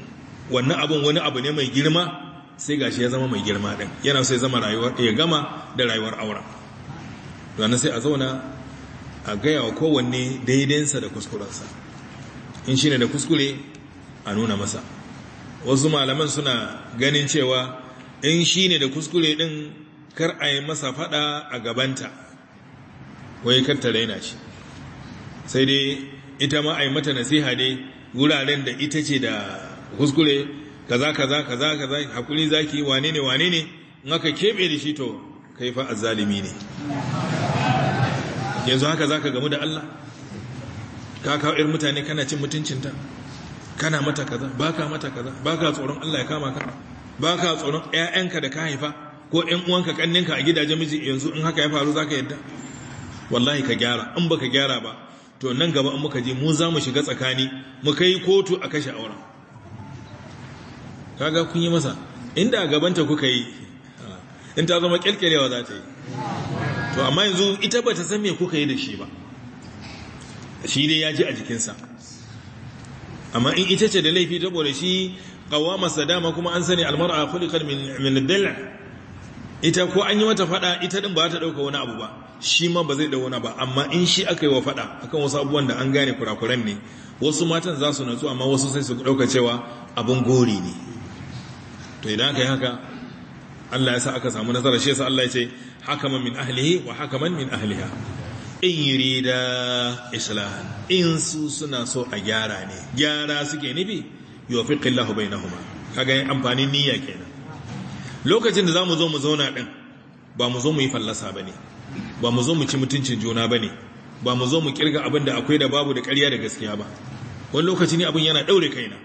[SPEAKER 1] wannan abun wani abu ne mai girma sai gashi ya zama mai girma din yana so ya zama ya gama da rayuwar aura. Wannan sai a zauna a gaya wa kowanne daidansa da kuskurensa in shi da kuskure a nuna masa wasu malaman suna ganin cewa in shi da kuskure ɗin kar a yi masa faɗa a gabanta wai karta ta raina shi sai dai ita ma a yi mata nasiha dai wuraren da ita ce da kuskure kaza kaza kaza kaza hakuri zaki wane ne wane ne in aka keɓe da shi to kai fa zalimi ne yanzu haka za ka gamu da Allah ka kawo irin mutane kana cin mutuncinta kana mata kaza ba ka mata kaza ba ka tsoron Allah ya kama ka ba ka tsoron 'ya'yanka da ka haifa ko 'yan uwanka kanninka a gidajen miji yanzu in haka ya faru za ka yadda wallahi ka gyara in ka gyara ba to nan gaba in muka je mu za mu shiga tsakani mu kai kotu a kashe auren Ka ga kun yi masa inda a gabanta kuka yi in ta zama kyalkyalewa za ta yi to amma yanzu ita ba ta san me kuka yi da shi ba shi dai ya ji a jikinsa amma in ita ce da laifi saboda shi kawama dama kuma an sani almar'a kulikar min dala ita ko an yi mata fada ita din ba ta dauka wani abu ba shi ma ba zai da wani ba amma in shi aka yi wa fada akan wasu abubuwan da an gane kurakuran ne wasu matan za su natsu amma wasu sai su dauka cewa abin gori ne to idan aka yi haka Allah ya sa aka samu nasara shi yasa Allah ya ce hakaman min ahlihi wa hakaman min ahliha in yurida islahan in su suna so a gyara ne gyara suke nufi yufiqillahu bainahuma kaga yin amfani niyya kenan lokacin da zamu zo mu zauna din ba mu zo mu yi fallasa bane ba mu zo mu ci mutuncin juna bane ba mu zo mu kirga abin da akwai da babu da ƙarya da gaskiya ba wani lokaci ne abin yana daure kaina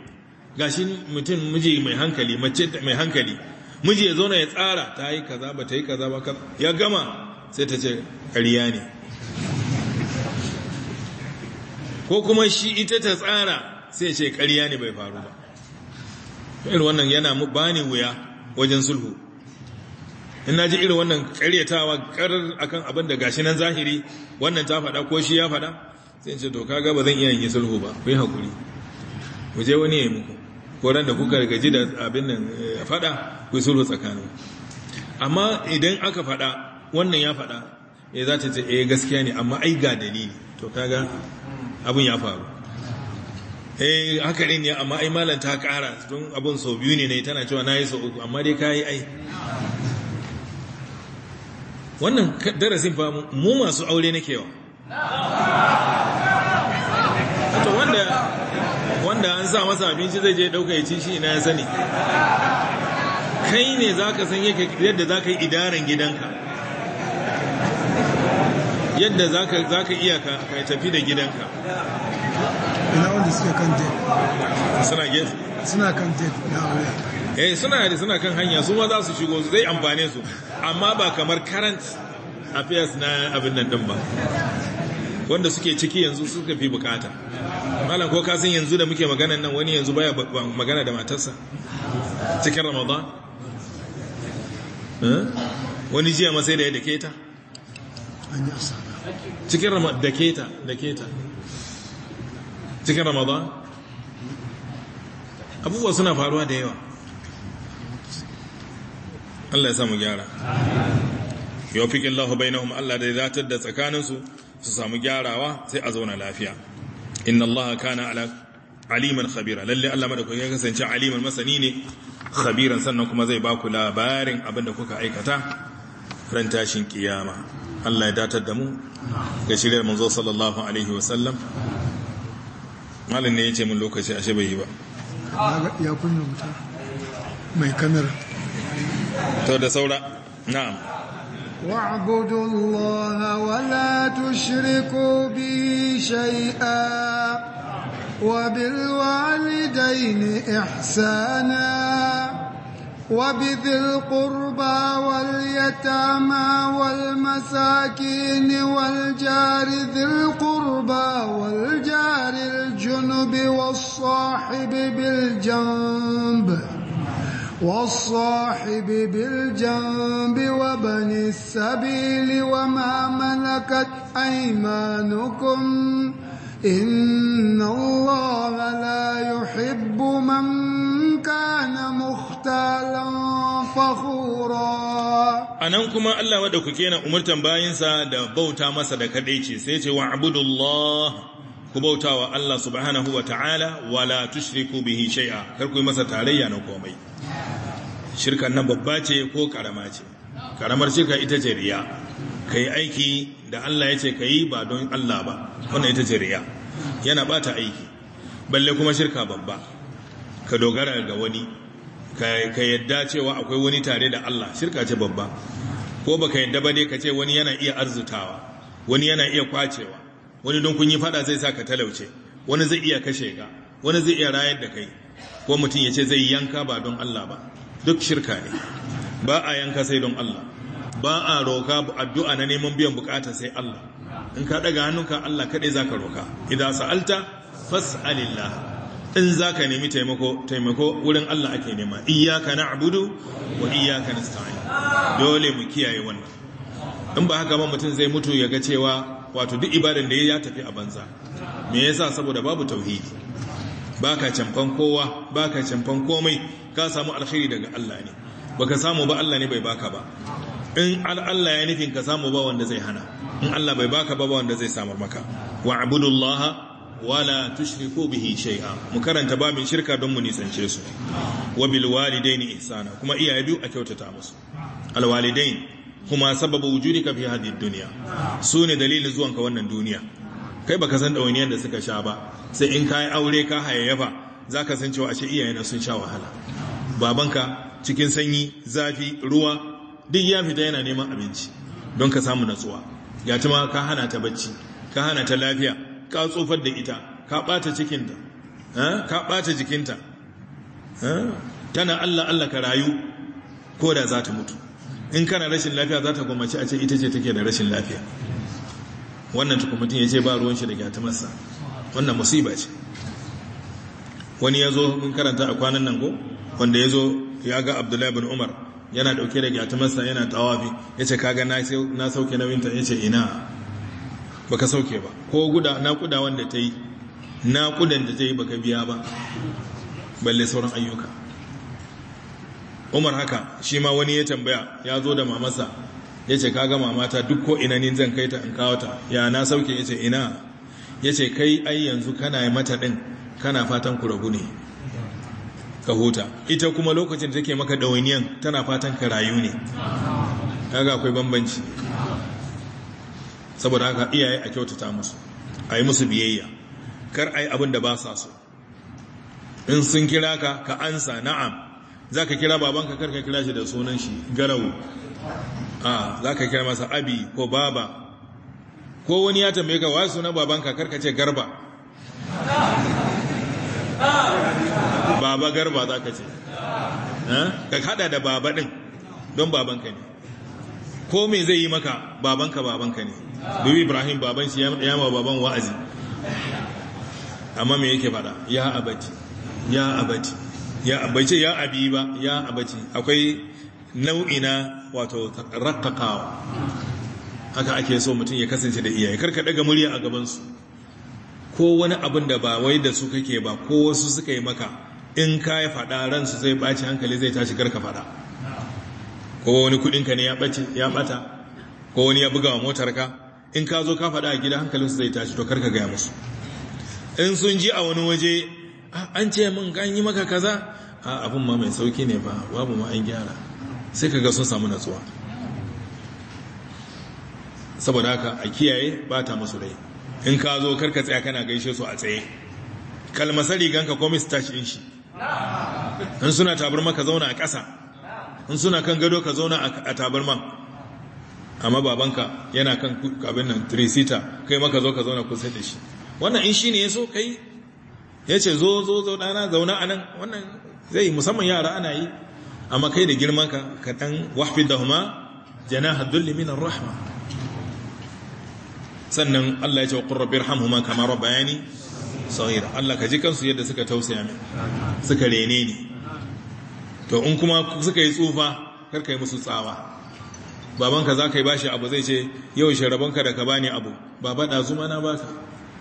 [SPEAKER 1] gashi mutum miji mai hankali mace mai hankali miji ya zauna ya tsara ta yi kaza ba ta yi kaza ba ya gama sai ta ce ƙarya ne ko kuma shi ita ta tsara sai ce ƙarya ne bai faru ba irin wannan yana ba ne wuya wajen sulhu in na ji irin wannan ƙaryatawa ƙarar akan abin da gashi nan zahiri wannan ta faɗa ko shi ya faɗa sai ce to kaga ba zan iya yin sulhu ba ku yi haƙuri ku je wani ya yi muku Koran da kuka gaji da abin nan eh, faɗa ku sulhu tsakanin amma idan aka faɗa wannan ya faɗa eh za ta ce eh gaskiya ne amma ai ga dalili to kaga abin ya faru eh haka ne amma ai malam ta ƙara don abin sau biyu ne ne tana cewa na yi sau uku amma dai ka yi ai wannan darasin fa mu masu aure na kewa wanda wanda an sa masa abinci zai je dauka ya ci shi ina ya sani kai ne za ka san yadda za ka yi idaran gidanka yadda za ka iya ka tafi da gidanka
[SPEAKER 2] ina wanda suke kan jet suna get suna kan jet na wuya
[SPEAKER 1] eh suna da suna kan hanya su ma za su shigo su zai amfane su amma ba kamar current affairs na abin nan din ba wanda suke ciki yanzu suka fi bukata malam ko kasan yanzu da muke maganan nan wani yanzu baya magana da matarsa cikin ramadan eh? wani jiya masai da ya dake ta cikin ramadan dake ta cikin ramadan abubuwa suna faruwa da yawa Allah ya samu gyara yau fikin lahu bainahum Allah da ya zatar da tsakaninsu su samu gyarawa sai a zauna lafiya inna allaha kana ala aliman khabira lalle Allah madaukaki ya kasance aliman masani ne khabiran sannan kuma zai baku labarin abin da kuka aikata ran tashin kiyama Allah ya datar da mu ga shiryar manzo sallallahu alaihi wa sallam. malam ne yace mun lokaci ashe bai yi ba
[SPEAKER 2] ya kunna mutum
[SPEAKER 1] mai kanar. to da saura na'am
[SPEAKER 2] واعبدوا الله ولا تشركوا به شيئا وبالوالدين إحسانا وبذي القربى واليتامى والمساكين والجار ذي القربى والجار الجنب والصاحب بالجنب والصاحب بالجنب وبن السبيل وما ملكت أيمانكم إن الله لا يحب من كان مختالا فخورا
[SPEAKER 1] أنكم الله ودكو كينا أمرتم باينسا دا بوتا مسا دا كديشي سيتي وعبد الله ku bautawa Allah subhanahu wa ta'ala wala tushriku bihi shay'a kar ku yi masa tarayya na komai shirkan nan babba ce ko karama ce karamar shirka ita ce riya kai aiki da Allah ya ce kai ba don Allah ba wannan ita ce riya yana bata aiki balle kuma shirka babba ka dogara ga wani ka yadda cewa akwai wani tare da Allah shirka ce babba ko baka yadda ba dai ka ce wani yana iya arzutawa wani yana iya kwacewa wani don kun yi fada zai sa ka talauce wani zai iya kashe ka wani zai iya rayar da kai ko mutum ya ce zai yanka ba don Allah ba duk shirka ne ba a yanka sai don Allah ba a roka addu'a na neman biyan bukata sai Allah in ka daga hannunka Allah kadai zaka roka idan sa'alta fas'alillah in zaka nemi taimako taimako wurin Allah ake nema iyyaka na'budu wa iyyaka nasta'in dole mu kiyaye wannan in ba haka ba mutum zai mutu ya ga cewa wato duk ibadan da ya tafi a banza me yasa saboda babu tauhidi baka cancan kowa baka cancan komai ka samu alkhairi daga Allah ne baka samu ba Allah ne bai baka ba in Allah ya nufin ka samu ba wanda zai hana in Allah bai baka ba wanda zai samar maka wa abudullaha wala tushriku bihi shay'a mu karanta min shirka don mu nisance su wa bil walidaini ihsana kuma iyaye biyu a kyautata musu al walidain kuma sababu ka fi duniya, su ne dalilin zuwan ka wannan duniya kai baka san dawainiyan da suka sha ba sai in kai aure ka hayayyafa zaka san cewa ashe iyayena sun sha wahala babanka cikin sanyi zafi ruwa duk ya fita yana neman abinci don ka samu natsuwa ya tuma ka hana ta bacci ka hana ta lafiya ka tsofar da ita ka bata cikinta eh, ka bata jikinta eh. tana Allah Allah ka rayu ko da za ta mutu in kana rashin lafiya za ta gwammaci a ce ita ce take da rashin lafiya wannan tukumutun ya ce ba ruwan shi da gyatumarsa wannan musiba ce wani ya zo in karanta a kwanan nan ko wanda ya zo ya ga abdullahi bin umar yana dauke da gyatumarsa yana tawafi ya ce kaga na sauke nauyinta ya ce ina Ba ka sauke ba ko guda kuda wanda ta yi Na kudan da ta yi ba ka biya ba balle sauran ayyuka umar haka shi ma wani ya tambaya ya zo da mamasa ya ce kaga mamata duk ko ina ni zan kai ta in kawo ta ya na sauke ya ce ina ya ce kai ai yanzu kana mata ɗin kana fatan ku ragu ne ka huta ita kuma lokacin da take maka ɗawainiyan tana fatan ka rayu ne kaga akwai bambanci saboda haka iyaye a kyautata musu a yi musu biyayya kar a yi abin da ba sa so in sun kira ka ka ansa na'am za ka kira babanka karka kira shi da sunan shi garau a za ka kira masa abi ko baba ko wani ya tambaye ka wasu na babanka karka ce garba baba garba za ka ce ka hada da baba ɗin don babanka ne ko me zai yi maka babanka babanka ne Duk ibrahim baban shi ya ma baban wa'azi amma me yake fada ya abati ya abati ya bai ce ya abi ba ya abaci akwai nau'i na wato rakkakawa haka ake so mutum ya kasance da iyaye karka daga murya a gabansu ko wani abin da ba wai da su kake ba ko wasu suka yi maka in ka yi faɗa ransu zai ɓaci hankali zai tashi karka faɗa ko wani kuɗinka ne ya ɓata ko wani ya buga wa motarka in ka zo ka faɗa a gida hankalinsu zai tashi to karka gaya musu in sun ji a wani waje Ah, an ce min an yi maka kaza a ah, abin ma mai sauki ne ba babu ma an gyara sai ka ga sun samu natsuwa saboda haka a kiyaye ba ta musu rai in ka zo karka tsaya kana gaishe su a tsaye kalmasa ko komis tashi in shi in suna tabarma ka zauna a ƙasa in suna kan gado ka zauna a tabarma amma babanka yana kan abin nan trisita kai maka zo ka zauna kusa da shi wannan in shi ne ya so kai ya ce zo zo zo ɗana zauna anan. wannan zai musamman yara ana yi amma kai da girman ka ka ɗan wahfi da huma jana haddulli sannan Allah ya ce wa birham huma kama bayani sauyira Allah ka ji kansu yadda suka tausaya min suka rene ni to in kuma suka yi tsufa karka yi musu tsawa babanka za ka yi bashi abu zai ce yau sharabanka da ka bani abu baba ɗazu mana baka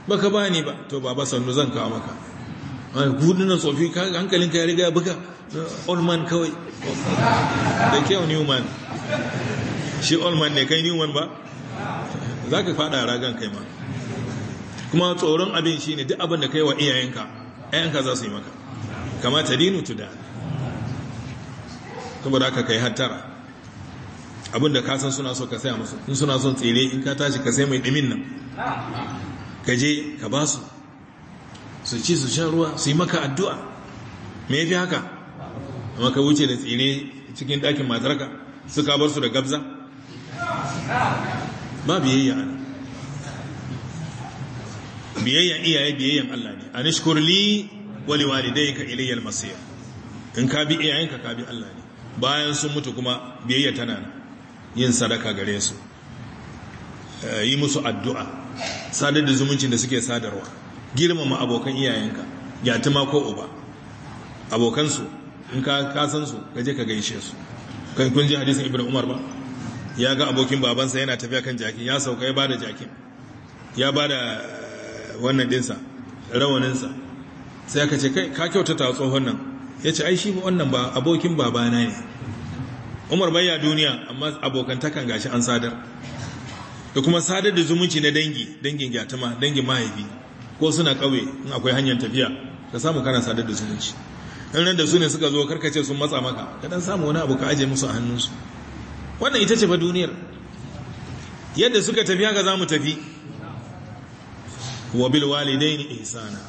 [SPEAKER 1] baka bani ba to baba sannu zan kawo maka kudunan tsofi hankalinka ya riga ya buga allman man kawai da kyau newman shi allman man ne kai newman ba za ka fada ragan kai ma kuma tsoron abin shi ne duk abin da kai wa iyayenka iyayenka za su yi maka kama ta dinu kuma da aka kai hattara abin da kasan suna so ka saya musu in suna son tsere in ka tashi ka sai mai dimin nan ka je ka ba su su ci su sha ruwa su yi maka addu'a me yafi haka amma ka wuce da tsire cikin ɗakin matarka su bar su da gabza ba biyayya ana biyayya iyaye biyayyan Allah ne a nishkurli wali walidai ka ilayyar masiyar in ka bi iyayenka ka bi Allah ne bayan sun mutu kuma biyayya tana yin sadaka gare su eh, yi musu addu'a sadar da zumuncin da suke sadarwa girmama abokan iyayenka yatuma ko uba abokansu in ka san su je ka gaishe su kan kun ji hadisin ibnu umar ba ya ga abokin babansa yana tafiya kan jaki ya sauka ya bada jakin ya bada eh, wannan dinsa rawaninsa sai aka ce kai ka kyautata tsohon nan ya ce ai shi wannan ba abokin babana ne umar bai ya duniya amma abokantakan gashi an sadar da kuma sadar da zumunci na dangi dangin gyatuma dangin mahaifi ko suna ƙauye in akwai hanyar tafiya ka samu kana sadar da zumunci in ran da su ne suka zo karkace sun matsa maka ka dan samu wani abu ka aje musu a hannunsu wannan ita ce fa duniyar yadda suka tafi haka za mu tafi wa bil ni ihsana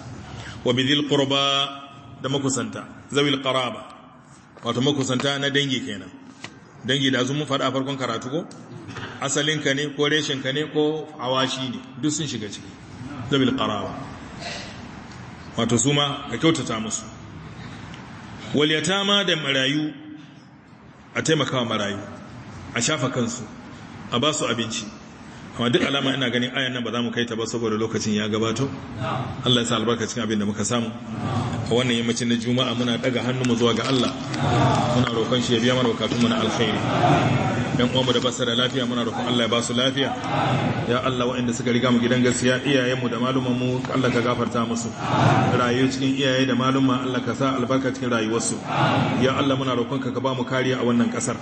[SPEAKER 1] wa bidhil qurba da makusanta zawil qaraba wato makusanta na dangi kenan dangi da mun a farkon karatu ko asalinka ne ko reshenka ne ko awashi ne duk sun shiga ciki zabil qarawa wato suma ka kyautata musu wal yatama da marayu a taimakawa marayu a shafa kansu a ba su abinci amma duk alama ina ganin ayan nan ba za mu kai ta ba saboda lokacin ya gabato Allah ya sa albarka cikin abin da muka samu a wannan yammacin na juma'a muna daga hannunmu zuwa ga Allah muna roƙon shi ya biya mana bukatunmu mu na alkhairi dan uwanmu da basu da lafiya muna rufin Allah ya ba su lafiya ya Allah waɗanda suka riga mu gidan gaskiya iyayenmu da malumanmu Allah ka gafarta musu rayu cikin iyaye da maluma Allah ka sa albarka cikin rayuwarsu ya Allah muna roƙon ka ba mu kariya a wannan ƙasar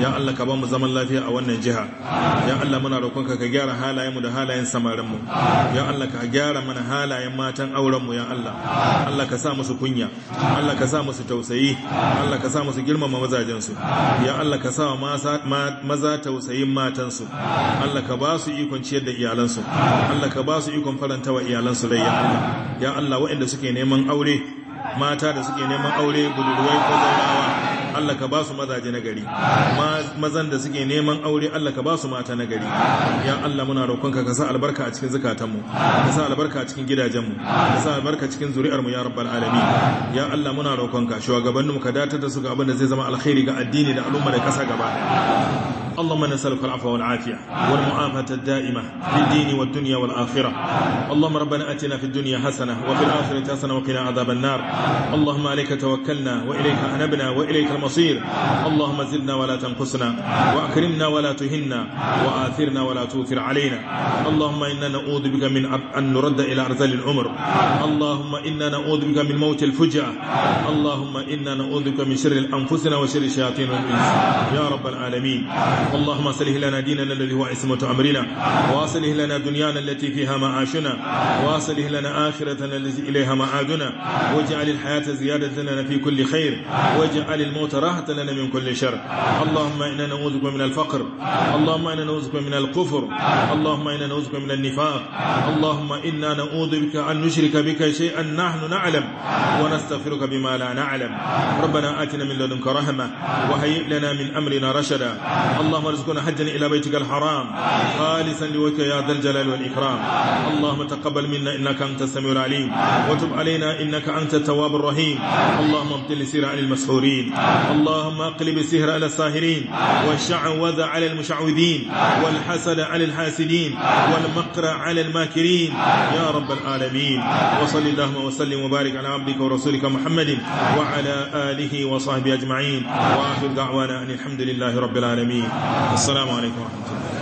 [SPEAKER 1] ya Allah ka ba mu zaman lafiya a wannan jiha ya Allah muna roƙon ka ka gyara halayenmu da halayen samarinmu ya Allah ka gyara mana halayen matan aurenmu ya Allah Allah ka sa musu kunya Allah ka sa musu tausayi Allah ka sa musu girmama mazajensu ya Allah ka sa ma maza tausayin matansu Allah ka ba su ikon ciyar da iyalansu Allah ka ba su ikon faranta wa iyalansu rai ya Allah ya Allah waɗanda suke neman aure mata da suke neman aure budurwai ko zaurawa Allah ka ba su mazaje na gari mazan da suke neman aure Allah ka ba su mata na gari ya Allah muna roƙonka ka sa albarka a cikin zukatanmu ka sa albarka a cikin gidajenmu ka sa albarka cikin zuri'armu ya rabbal alamin ya Allah muna roƙonka shugabanninmu ka datar da su ga abin da zai zama alkhairi ga addini da al'umma da ƙasa gaba اللهم نسألك العفو والعافية والمعافاة الدائمة في الدين والدنيا والآخرة اللهم ربنا أتنا في الدنيا حسنة وفي الآخرة حسنة وقنا عذاب النار اللهم عليك توكلنا وإليك أنبنا وإليك المصير اللهم زدنا ولا تنقصنا وأكرمنا ولا تهنا وآثرنا ولا تؤثر علينا اللهم إنا نعوذ بك من أن نرد إلى أرزل العمر اللهم إنا نعوذ بك من موت الفجعة اللهم إنا نعوذ بك من شر أنفسنا وشر الشياطين والإنس يا رب العالمين اللهم اصلح لنا ديننا الذي هو عصمة أمرنا واصلح لنا دنيانا التي فيها معاشنا واصلح لنا آخرتنا التي إليها معادنا واجعل الحياة زيادة لنا في كل خير واجعل الموت راحة لنا من كل شر اللهم إنا نعوذ من الفقر اللهم إنا نعوذ من الكفر اللهم إنا نعوذ من النفاق اللهم إنا نعوذ بك أن نشرك بك شيئا نحن نعلم ونستغفرك بما لا نعلم ربنا آتنا من لدنك رحمة وهيئ لنا من أمرنا رشدا اللهم اللهم ارزقنا حجا إلى بيتك الحرام خالصا لوجهك يا ذا الجلال والإكرام اللهم تقبل منا إنك أنت السميع العليم وتب علينا إنك أنت التواب الرحيم اللهم ابطل سير على المسحورين اللهم اقلب السهر على الساهرين والشعوذ على المشعوذين والحسد على الحاسدين والمقر على الماكرين يا رب العالمين وصل اللهم وسلم وبارك على عبدك ورسولك محمد وعلى آله وصحبه أجمعين وآخر دعوانا أن الحمد لله رب العالمين السلام عليكم ورحمة الله